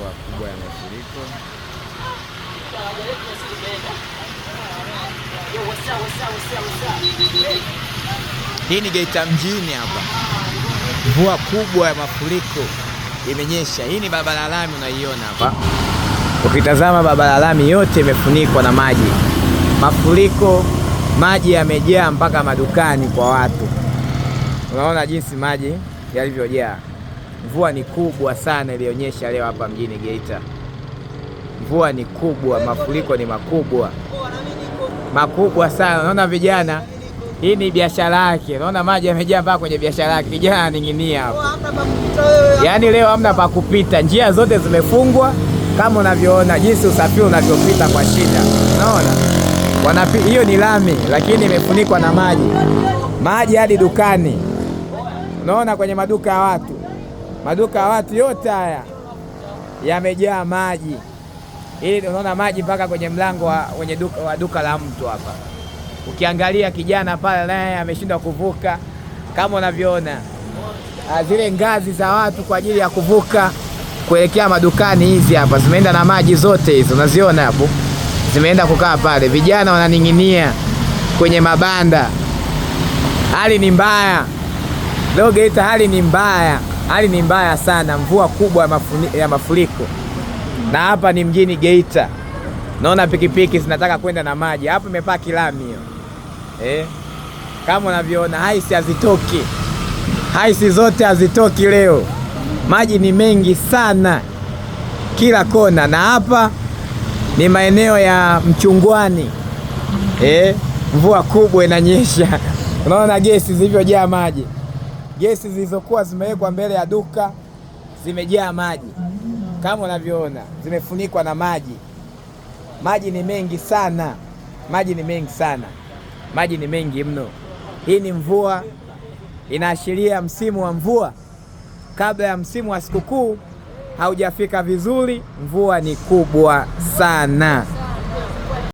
mvua kubwa ya mafuriko. Hii ni Geita mjini hapa, mvua kubwa ya mafuriko imenyesha. Hii ni barabara lami unaiona hapa, ukitazama barabara lami yote imefunikwa na maji, mafuriko, maji yamejaa mpaka madukani kwa watu. Unaona jinsi maji yalivyojaa. Mvua ni kubwa sana iliyonyesha leo hapa mjini Geita. Mvua ni kubwa, mafuriko ni makubwa makubwa sana. Naona vijana, hii ni biashara yake. Naona maji yamejaa mpaka kwenye biashara yake, kijana ning'inia hapo. Yaani leo hamna pa kupita, njia zote zimefungwa kama unavyoona jinsi usafiri unavyopita kwa shida. Unaona hiyo ni lami, lakini imefunikwa na maji, maji hadi dukani. Unaona kwenye maduka ya watu maduka ya watu yote haya yamejaa maji. Ili unaona maji mpaka kwenye mlango wa, kwenye duka, wa duka la mtu hapa. Ukiangalia kijana pale naye ameshindwa kuvuka kama unavyoona ah, zile ngazi za watu kwa ajili ya kuvuka kuelekea madukani hizi hapa zimeenda na maji zote hizo, unaziona hapo, zimeenda kukaa pale. Vijana wananing'inia kwenye mabanda, hali ni mbaya leo Geita, hali ni mbaya hali ni mbaya sana, mvua kubwa ya mafuriko, na hapa ni mjini Geita. Naona pikipiki zinataka kwenda na maji, hapo imepaki lami hiyo eh. Kama unavyoona haisi hazitoki, haisi zote hazitoki leo, maji ni mengi sana kila kona, na hapa ni maeneo ya Mchungwani eh, mvua kubwa inanyesha, unaona gesi zilivyojaa maji gesi zilizokuwa zimewekwa mbele ya duka zimejaa maji kama unavyoona, zimefunikwa na maji. Maji ni mengi sana, maji ni mengi sana, maji ni mengi mno. Hii ni mvua, inaashiria msimu wa mvua. Kabla ya msimu wa sikukuu haujafika vizuri, mvua ni kubwa sana.